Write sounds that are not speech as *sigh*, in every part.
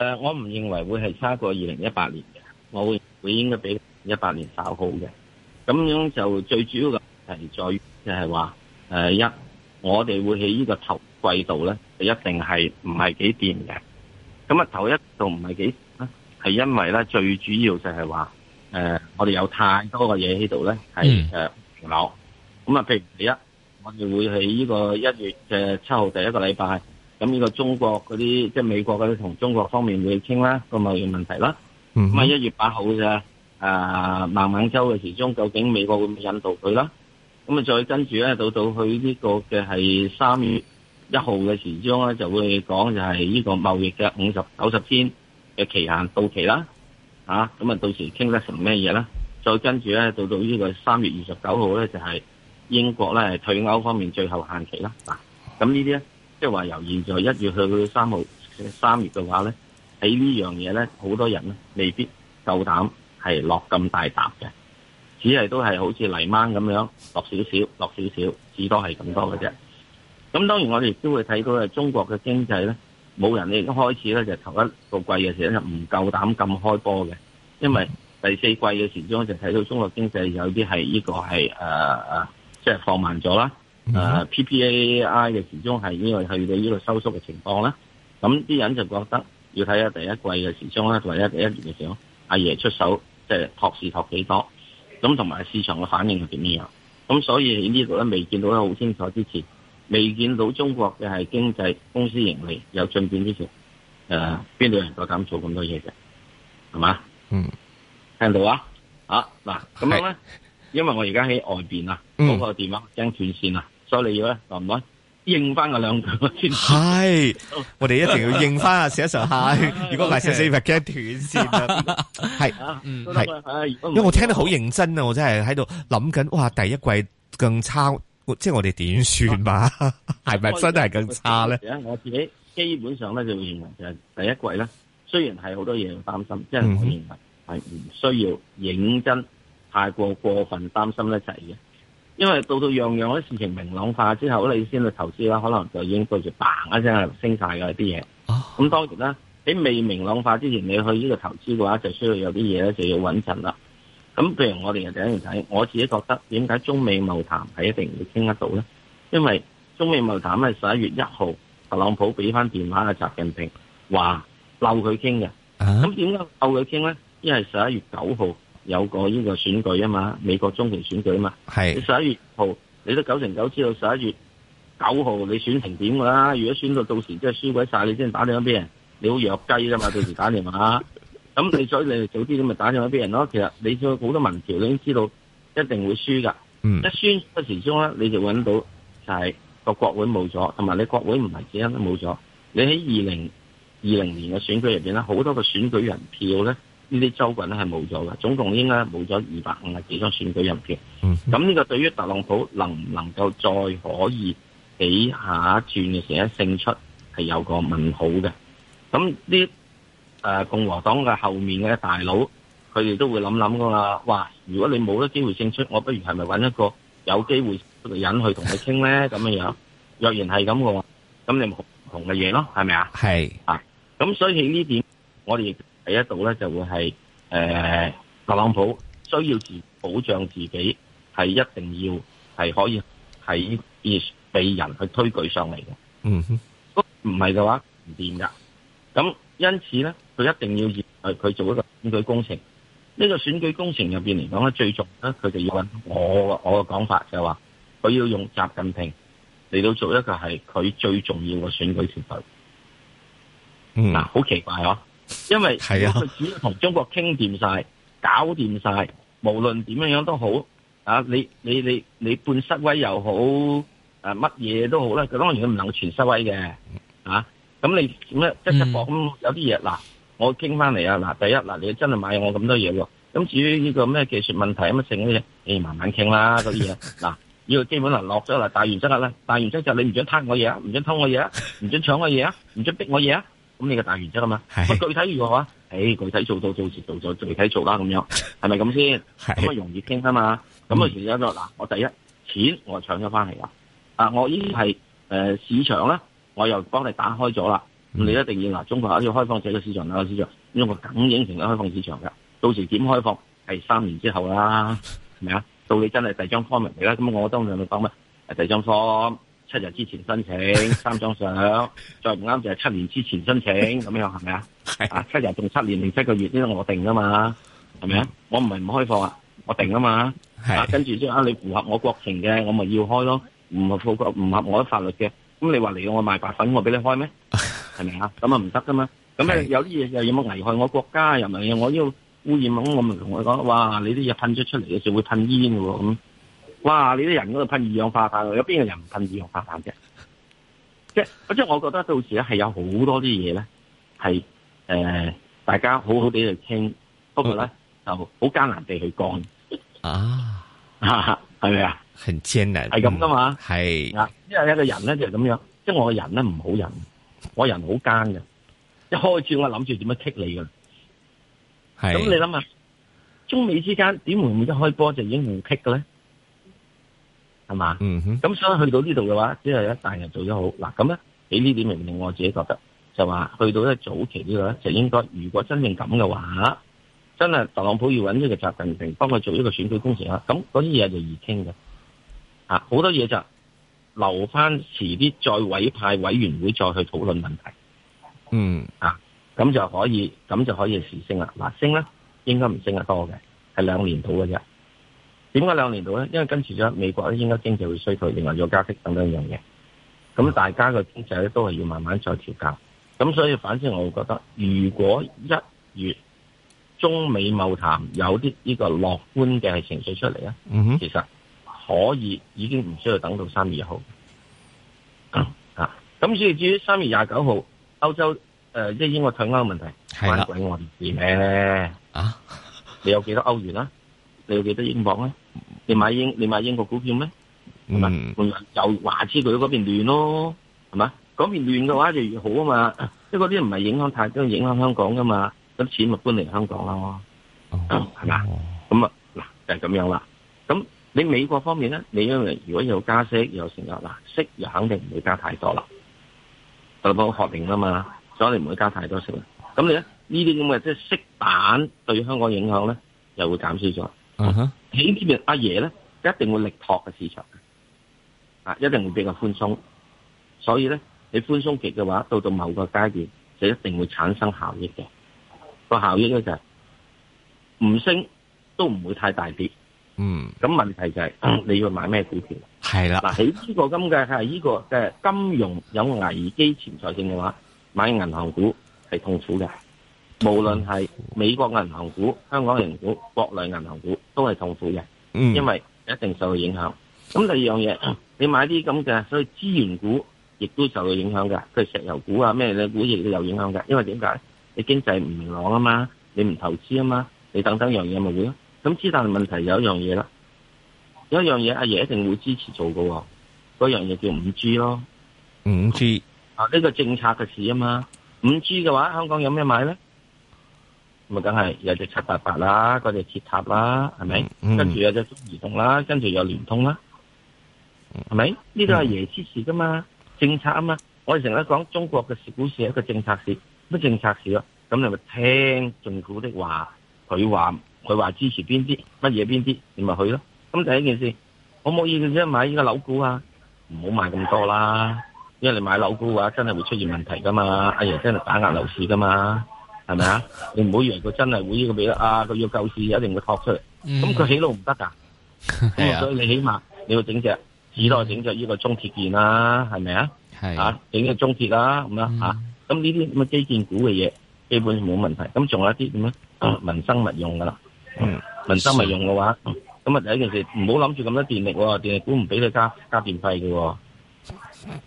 誒，我唔認為會係差過二零一八年嘅，我會會應該比一八年稍好嘅。咁樣就最主要嘅係在於，就係話誒一，我哋會喺呢個頭季度咧，就一定係唔係幾掂嘅。咁啊頭一度唔係幾掂咧，係因為咧最主要就係話，誒、呃、我哋有太多嘅嘢喺度咧，係誒攞。咁、呃、啊，譬、嗯、如第一，我哋會喺呢個一月嘅七號第一個禮拜。咁呢個中國嗰啲，即係美國嗰啲同中國方面會傾啦個貿易問題啦。咁啊一月八號嘅，啊孟晚舟嘅時鐘，究竟美國會唔會引渡佢啦？咁啊再跟住咧，到到去呢個嘅係三月一號嘅時鐘咧，就會講就係呢個貿易嘅五十九十天嘅期限到期啦。嚇，咁啊到時傾得成咩嘢啦？再跟住咧，到到呢個三月二十九號咧，就係英國咧係退歐方面最後限期啦。嗱，咁呢啲咧。即係話由現在一月去到三號三月嘅話咧，喺呢樣嘢咧，好多人咧未必夠膽係落咁大疊嘅，只係都係好似黎晚咁樣落少少，落少少，至多係咁多嘅啫。咁當然我哋都會睇到係中國嘅經濟咧，冇人一開始咧就頭一個季嘅時候就唔夠膽咁開波嘅，因為第四季嘅時候就睇到中國經濟有啲係呢個係、啊啊、即係放慢咗啦。誒，PPI 嘅時鐘係因為去到呢個收縮嘅情況啦，咁啲人就覺得要睇下第一季嘅時鐘啦，同埋第一年嘅時候，阿爺出手即係托市托幾多，咁同埋市場嘅反應係點樣的，咁所以這呢度咧未見到咧好清楚之前，未見到中國嘅係經濟公司盈利有進展之前，誒邊度人夠膽做咁多嘢嘅，係嘛？嗯、uh，huh. 聽到啊？啊嗱，咁樣咧。 *laughs* 因為我而家喺外邊啊，嗰個電話驚斷線啦，所以你要咧，可唔可以應翻嗰兩句先？係，我哋一定要應翻啊！Sir Sir，係，如果唔係，死死怕驚斷線啊！係，係，因為我聽得好認真啊，我真係喺度諗緊，哇，第一季更差，即係我哋點算吧？係咪真係更差咧？我自己基本上咧就會認為就係第一季咧，雖然係好多嘢要擔心，即係我認為係唔需要認真。太過過分擔心咧，制嘅，因為到到樣樣嗰啲事情明朗化之後，你先去投資啦，可能就已經對住嘭一聲升晒嘅啲嘢。咁、啊、當然啦，喺未明朗化之前，你去呢個投資嘅話，就需要有啲嘢咧，就要穩陣啦。咁譬如我哋嘅第一樣睇，我自己覺得點解中美貿談係一定會傾得到咧？因為中美貿談係十一月一號，特朗普俾翻電話嘅習近平話，撈佢傾嘅。咁點解撈佢傾咧？因為十一月九號。有個呢個選舉啊嘛，美國中期選舉啊嘛，你十一月號，你都九成九知道十一月九號你選成點噶啦，如果選到到時即係輸鬼晒，你先打電話俾人，你好弱雞咋嘛？到時打電話，咁 *laughs* 你所以你早啲咁咪打電話俾人咯。其實你好多民調你都已經知道一定會輸噶，嗯、一宣不時中咧，你就搵到就係個國會冇咗，同埋你國會唔係只因都冇咗。你喺二零二零年嘅選舉入邊咧，好多個選舉人票咧。呢啲州郡咧係冇咗嘅，總共應該冇咗二百五十幾張選舉人票。咁呢 *laughs* 個對於特朗普能唔能夠再可以起下轉嘅時候勝出係有個問號嘅。咁呢，誒共和黨嘅後面嘅大佬，佢哋都會諗諗㗎啦。哇！如果你冇得機會勝出，我不如係咪揾一個有機會嘅人去同你傾咧？咁樣 *laughs* 樣，若然係咁嘅話，咁就唔同嘅嘢咯，係咪 *laughs* 啊？係啊，咁所以呢點我哋。第一度咧，就會係誒、呃，特朗普需要自保障自己，係一定要係可以喺而被人去推舉上嚟嘅。嗯哼、mm，唔係嘅話唔掂噶。咁因此咧，佢一定要佢、呃、做一個選舉工程。呢、這個選舉工程入邊嚟講咧，最重要咧，佢就要揾我我嘅講法就係話，佢要用習近平嚟到做一個係佢最重要嘅選舉團隊。嗯、mm，嗱、hmm. 啊，好奇怪哦、啊！因為如果佢只要同中國傾掂晒，搞掂晒，無論點樣樣都好，啊你你你你半失威又好，誒乜嘢都好，佢當然佢唔能夠全失威嘅，啊咁你咁咧一一步咁有啲嘢嗱，我傾翻嚟啊嗱，第一嗱你真係買我咁多嘢喎，咁至於呢個咩技術問題咁啊剩啲嘢，你慢慢傾啦嗰啲嘢，嗱呢個基本能落咗啦，大原則啦大原則，就你唔准攤我嘢啊，唔准偷我嘢啊，唔准搶我嘢啊，唔准逼我嘢啊。咁你嘅大原則啊嘛，是具體如何啊？誒、欸，具體做到做，時做到，做咗，具體做啦咁樣，係咪咁先？咁啊是容易傾啊嘛。咁啊、嗯，而家就嗱，我第一錢我搶咗翻嚟啦。啊，我依啲係市場咧，我又幫你打開咗啦。咁、嗯、你一定要嗱，中國一定要開放這個市場啦，市場，因為我梗影成個開放市場㗎。到時點開放係三年之後啦，係咪啊？到你真係第二張方面嚟啦，咁我當然要咩你。第二張封七日之前申請三張相， *laughs* 再唔啱就係七年之前申請咁樣，係咪啊？係 *laughs* 啊，七日仲七年零七個月呢個，我定噶嘛，係咪 *laughs* 啊？我唔係唔開放啊，我定噶嘛。係啊，跟住即係啊，你符合我國情嘅，我咪要開咯。唔符合，唔合我的法律嘅，咁你話嚟我賣白粉，我俾你開咩？係咪啊？咁啊唔得噶嘛。咁咧 *laughs* 有啲嘢又有冇危害我國家，又唔係我要污染咁，我咪同佢講，哇！你啲嘢噴咗出嚟嘅時會噴煙嘅喎咁。哇！你啲人嗰度噴二氧化碳，有邊個人唔噴二氧化碳啫？即係，即係我覺得到時咧係有好多啲嘢咧，係誒、呃、大家好好地去傾，不過咧就好艱難地去講啊！係咪啊？很艱難，係咁噶嘛？係、嗯、因為有一個人咧就咁樣，即係我個人咧唔好人，我人好奸嘅。一開始我諗住點樣棘你噶，咁係你諗下、啊，中美之間點會唔會一開波就已經互棘嘅咧？係嘛？嗯哼。咁所以去到呢度嘅話，只係一大人做咗好嗱。咁咧，畀呢點上令我自己覺得就話，去到咧早期呢度咧，就應該如果真正咁嘅話，真係特朗普要搵一個習近平幫佢做一個選舉工程啦。咁嗰啲嘢就易傾嘅。啊，好多嘢就留翻遲啲再委派委員會再去討論問題。嗯。啊，咁就可以，咁就可以時升啦。嗱、啊，升咧應該唔升得多嘅，係兩年到嘅啫。點解兩年度咧？因為跟住咗美國咧，應該經濟會衰退，另外再加息等等一樣嘢。咁大家嘅經濟咧都係要慢慢再調校。咁所以，反正我會覺得，如果一月中美貿談有啲呢個樂觀嘅情緒出嚟，啊，其實可以已經唔需要等到三月一號啊。咁至於，至於三月廿九號歐洲誒，即係英國退歐問題，玩鬼我哋嘅啊！你有幾多歐元啦？你有幾多英鎊呢？你買英你買英國股票咩？係咪又話知佢嗰邊亂咯，係咪嗰邊亂嘅話就越好啊嘛，即嗰啲唔係影響太多影響香港噶嘛，咁啲錢咪搬嚟香港咯，係嘛？咁啊，嗱就係、是、咁樣啦。咁你美國方面咧，你因為如果有加息又有成咁啦，息又肯定唔會加太多啦，特朗普確定啊嘛，所以你唔會加太多這這息。咁你咧呢啲咁嘅即係息板對香港影響咧，又會減少咗。嗯哼、啊。喺呢邊阿爺咧，一定會力托嘅市場，啊，一定會比較寬鬆，所以咧，你寬鬆極嘅話，到到某個階段，就一定會產生效益嘅。個效益咧就唔升都唔會太大跌，嗯。咁問題就係、是嗯、你要買咩股票？係啦的，嗱起呢個咁嘅係呢個嘅金融有危機潛在性嘅話，買銀行股係痛苦嘅。無論係美國銀行股、香港銀行股、國內銀行股都係痛苦嘅，因為一定受到影響。咁第二樣嘢，你買啲咁嘅，所以資源股亦都受到影響嘅，譬如石油股啊咩嘅股亦都有影響嘅。因為點解？你經濟唔明朗啊嘛，你唔投資啊嘛，你等等樣嘢咪會咯。咁之但係問題有一樣嘢啦，有一樣嘢阿爺一定會支持做喎。嗰樣嘢叫五 G 咯。五 G 啊，呢、這個政策嘅事啊嘛。五 G 嘅話，香港有咩買咧？咁咪梗係有隻七八八啦，嗰隻鐵塔啦，係咪？嗯、跟住，有隻中移動啦，跟住有聯通啦，係咪？呢個係爺支持噶嘛？政策啊嘛！我哋成日講中國嘅股市係一個政策市，乜政策市咯、啊？咁你咪聽政府的話，佢話佢話支持邊啲，乜嘢邊啲，你咪去咯。咁第一件事，我冇意嘅先買呢個樓股啊，唔好買咁多啦，因為你買樓股嘅話，真係會出現問題噶嘛，阿爺真係打壓樓市噶嘛。係咪啊？你唔好以為佢真係會呢個俾啦啊佢要救市一定會托出嚟，咁佢、嗯、起路唔得噶，所以你起碼你要整隻，最多整隻呢個中鐵建啦，係咪啊？係啊，整隻中鐵啦咁啦吓，咁呢啲咁嘅基建股嘅嘢，基本冇問題。咁仲有一啲點咧？民生物用噶啦，嗯、民生物用嘅話，咁啊第一件事唔好諗住咁多電力、啊，電力股唔俾你加加電費嘅、啊，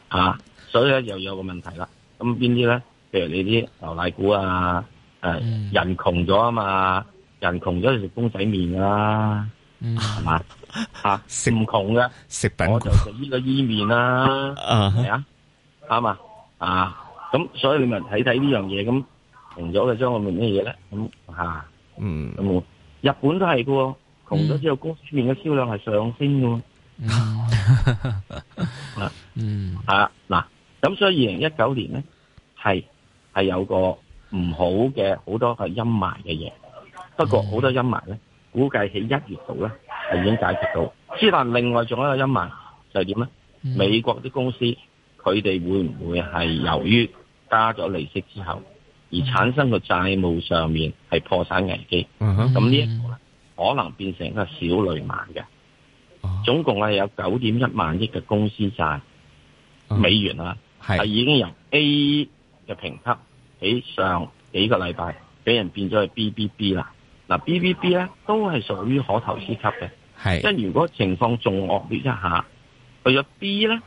吓 *laughs* 啊，所以咧又有個問題啦。咁邊啲咧？譬如你啲牛奶股啊，誒，人窮咗啊嘛，人窮咗就食公仔麵噶啦，係嘛，吓，食唔窮嘅食品，我就食呢個伊麵啦，係啊，啱嘛，啊，咁所以你咪睇睇呢樣嘢，咁窮咗就將我咪咩嘢咧，咁吓，嗯，咁日本都係嘅，窮咗之後公仔麵嘅銷量係上升嘅，嗯，係啦，嗱，咁所以二零一九年咧係。係有個唔好嘅，好多係陰霾嘅嘢。不過好多陰霾呢，估計喺一月度呢係已經解決到。之但另外仲有一個陰霾就係點呢？嗯、美國啲公司佢哋會唔會係由於加咗利息之後而產生個債務上面係破產危機？咁、嗯、哼呢一個可能變成一個小雷曼嘅，總共係有九點一萬億嘅公司債、嗯、哼美元啦、啊，係是已經由 A。嘅評級喺上幾個禮拜俾人變咗去 BBB 啦，嗱 BBB 咧都係屬於可投資級嘅，係。即係如果情況仲惡劣一下，去咗 B 咧，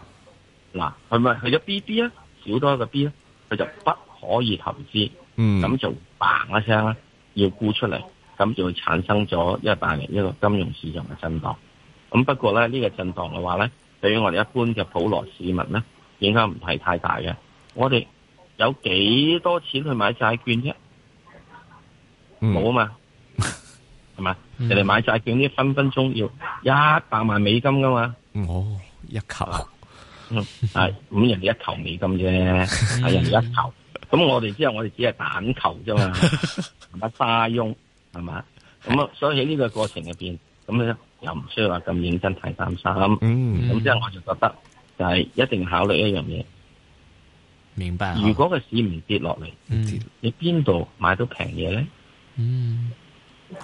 嗱係咪去咗 BB 咧？少多一個 B 咧，佢就不可以投資，嗯，咁就 bang 一聲啦，要沽出嚟，咁就會產生咗一大個一個金融市場嘅震盪。咁不過咧，呢個震盪嘅話咧，對於我哋一般嘅普羅市民咧，影響唔係太大嘅，我哋。有幾多錢去買債券啫？冇啊嘛，係嘛？人哋買債券啲分分鐘要一百萬美金噶嘛？哦，一球啊？係、嗯，咁人哋一球美金啫，係 *laughs* 人哋一球。咁我哋之後我哋只係彈球啫嘛，係咪沙翁？係嘛？咁啊，所以喺呢個過程入邊，咁樣又唔需要話咁認真太擔心。嗯，咁之後，我就覺得，就係一定考慮一樣嘢。明白。如果個市唔跌落嚟，你邊度買到平嘢咧？嗯，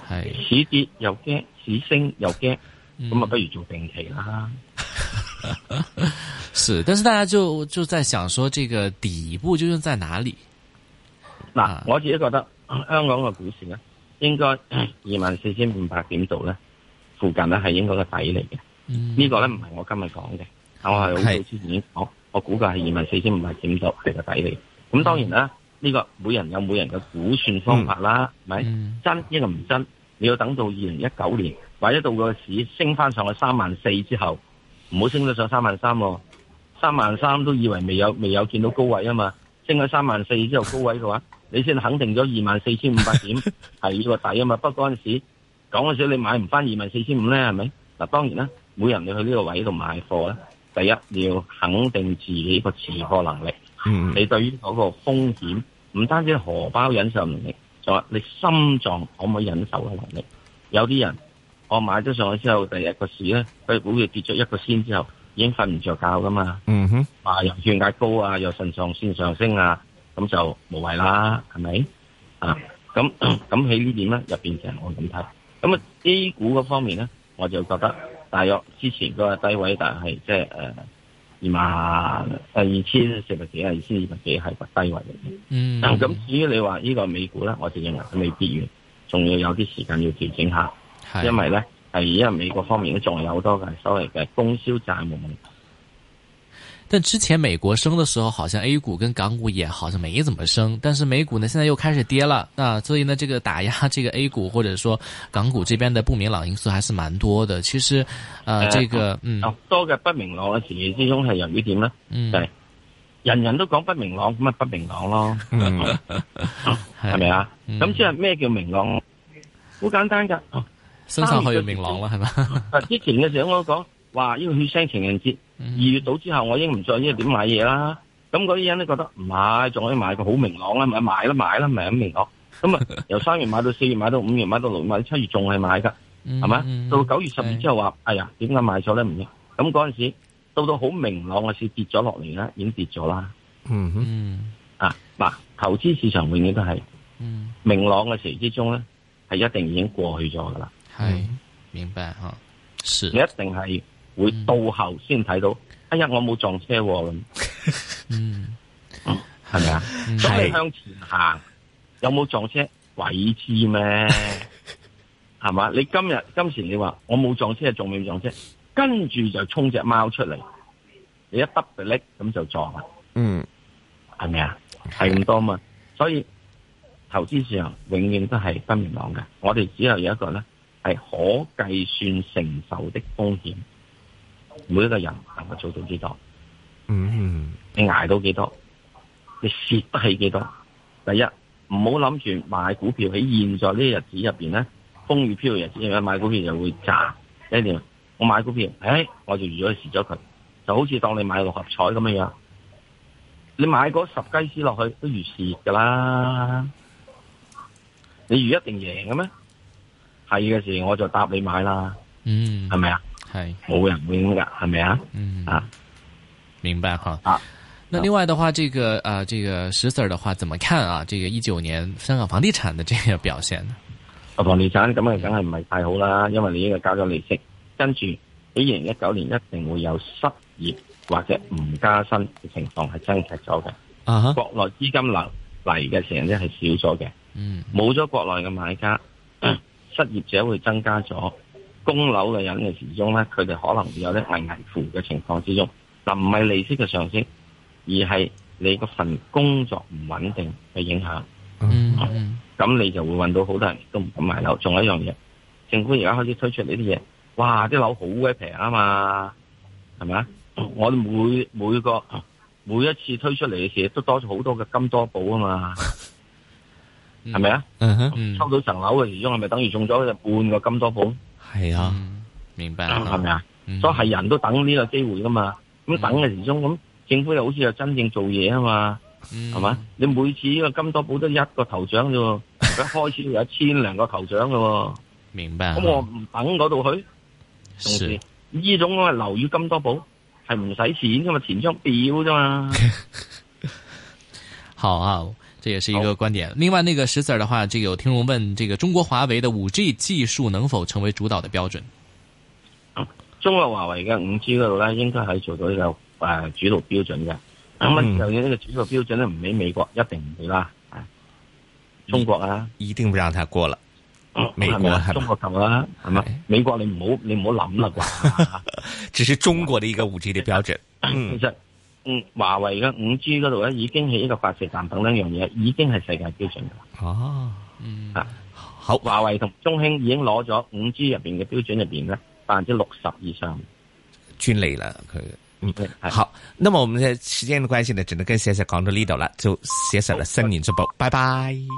係、嗯、市跌又驚，市升又驚，咁啊、嗯、不如做定期啦。 *laughs* 是，但是大家就就在想說，這個底部究竟在哪裏？嗱、啊，我自己覺得、嗯、香港個股市咧，應該二萬四千五百點度咧，附近咧係應該、嗯、個底嚟嘅。呢個咧唔係我今日講嘅，嗯、但我係好早之前已經講。我估計係二萬四千五百點度係個底嚟，咁當然啦、啊，呢、嗯、個每人有每人嘅估算方法啦，係咪、嗯？是真，一個唔真。你要等到二零一九年，或者到個市升翻上去三萬四之後，唔好升得上三萬三喎，三萬三都以為未有未有見到高位啊嘛，升咗三萬四之後高位嘅話，你先肯定咗二萬四千五百點係個底啊嘛， *laughs* 不過陣時講嗰時你買唔翻二萬四千五咧，係咪？嗱，當然啦、啊，每人你去呢個位度買貨啦。第一你要肯定自己個持貨能力，嗯、你對於嗰個風險唔單止荷包忍受能力，就話你心臟可唔可以忍受嘅能力？有啲人我買咗上去之後，第日個市咧，佢股票跌咗一個先之後，已經瞓唔着覺噶嘛，嗯哼，話又血壓高啊，又腎上腺上升啊，咁就無謂啦，係咪？啊，咁咁喺呢點咧入邊其實我咁睇？咁啊，A 股嗰方面咧，我就覺得。大約之前嗰個低位，但係即係誒二萬誒二千四百幾啊，二千二百幾係個低位嚟嘅。嗯，但咁至於你話呢個美股咧，我就認為佢未必完，仲要有啲時間要調整下，的因為咧，係因為美國方面咧仲有好多嘅，所謂嘅供銷債務問題。但之前美國升的時候，好像 A 股跟港股也好像沒怎麼升，但是美股呢，現在又開始跌了，啊，所以呢，這個打壓這個 A 股或者說港股這邊的不明朗因素還是蠻多的。其實，呃、啊、這個，嗯，啊啊、多嘅不明朗嘅前夜之中係由幾點呢？嗯，人人都講不明朗，咁啊不明朗咯，係咪、嗯、啊？咁即係咩叫明朗？好簡單噶，升、啊、上去就明朗啦，係嘛？啊，之前嘅時候我講，話要去血腥情人節。二月倒之後我已經唔再，因為點買嘢啦？咁嗰啲人咧覺得唔係，仲可以買個好明朗咧，咪買啦買啦，咪咁明朗。咁啊，由三月買到四月買到五月買到六月買到七月仲係買噶，係咪、嗯？到九月十月之後話，是哎呀，點解買咗咧？唔知。咁嗰陣時到到好明朗嘅時跌咗落嚟啦，已經跌咗啦、嗯。嗯哼，啊嗱，投資市場永遠都係明朗嘅時之中咧，係一定已經過去咗噶啦。係是、嗯、明白啊，你一定係。會到後先睇到，嗯、哎呀，我冇撞車咁、哦， *laughs* 嗯，係咪啊？係是向前行，有冇撞車鬼知咩？係嘛？ *laughs* 你今日今時你話我冇撞車，仲撞未撞車？跟住就衝隻貓出嚟，你一 w 咁就撞啦，嗯，係咪啊？係咁多嘛？所以投資上永遠都係不明朗嘅，我哋只有有一個咧係可計算承受的風險。每一個人能夠做到幾多？嗯、mm hmm.，你捱到幾多？你蝕得起幾多？第一唔好諗住買股票喺現在呢日子入邊咧，風雨飄搖日子，而家買股票就會炸。一點我買股票，哎、欸，我就預咗蝕咗佢，就好似當你買六合彩咁樣樣，你買嗰十雞屎落去都預蝕噶啦，你預一定贏嘅咩？係嘅時我就答你買啦，嗯、mm，係咪啊？冇人會噶，係咪、嗯、啊？嗯啊，明白哈。啊，那另外嘅話、啊這個呃，這個啊，這個石 Sir 的話，怎麼看啊？這個一九年香港房地產的這個表現呢？啊，房地產咁啊，梗係唔係太好啦，因為你呢個交咗利息，跟住喺二零一九年一定會有失業或者唔加薪嘅情況係增加咗嘅。啊哈，國內資金流嚟嘅成日咧係少咗嘅、嗯。嗯，冇咗國內嘅買家，失業者會增加咗。供樓嘅人嘅始終咧，佢哋可能有啲危危乎嘅情況之中，嗱唔係利息嘅上升，而係你個份工作唔穩定嘅影響，咁、mm hmm. 啊、你就會搵到好多人都唔敢買樓。仲有一樣嘢，政府而家開始推出呢啲嘢，哇！啲樓好鬼平啊嘛，係咪啊？我每每個每一次推出嚟嘅時都多咗好多嘅金多寶啊嘛，係咪啊？Mm hmm. 抽到層樓嘅始終係咪等於中咗隻半個金多寶？係啊，嗯、明白啦，係咪啊？所以、嗯、人都等呢個機會噶嘛，咁、嗯、等嘅時鐘咁政府又好似又真正做嘢啊嘛，係嘛、嗯？你每次呢個金多寶都一個頭獎啫，佢、嗯、開始有一千零個頭獎嘅， *laughs* 明白了？咁我唔等嗰度去，同時，呢種樓宇金多寶，係唔使錢噶嘛，填張表啫嘛。 *laughs* 好啊。這也是一個觀點。Oh. 另外，那個石仔的話，這個有聽眾問這個中國華為的五 G 技術能否成為主導的標準？中國華為嘅五 G 嗰度咧，應該係做到呢個誒、呃、主導標準嘅。咁啊，當然呢個主導標準呢唔俾美國一定唔俾啦。中國啊，一定不讓它過了。嗯、美國，吧中國夠啦，係嘛是？美國你唔好你唔好諗啦，啩。 *laughs* 只是中國的一個五 G 的標準。嗯其實嗯，華為嘅五 G 嗰度咧，已經係一個發射站等等樣嘢，已經係世界標準噶啦。哦，嗯，啊，好。華為同中興已經攞咗五 G 入邊嘅標準入邊咧，百分之六十以上專利啦，佢。嗯，係是。好，那麼我們嘅時間嘅關係咧，只能跟石 Sir 講到呢度啦，就石 Sir 啦，新好年祝福，好拜拜。拜拜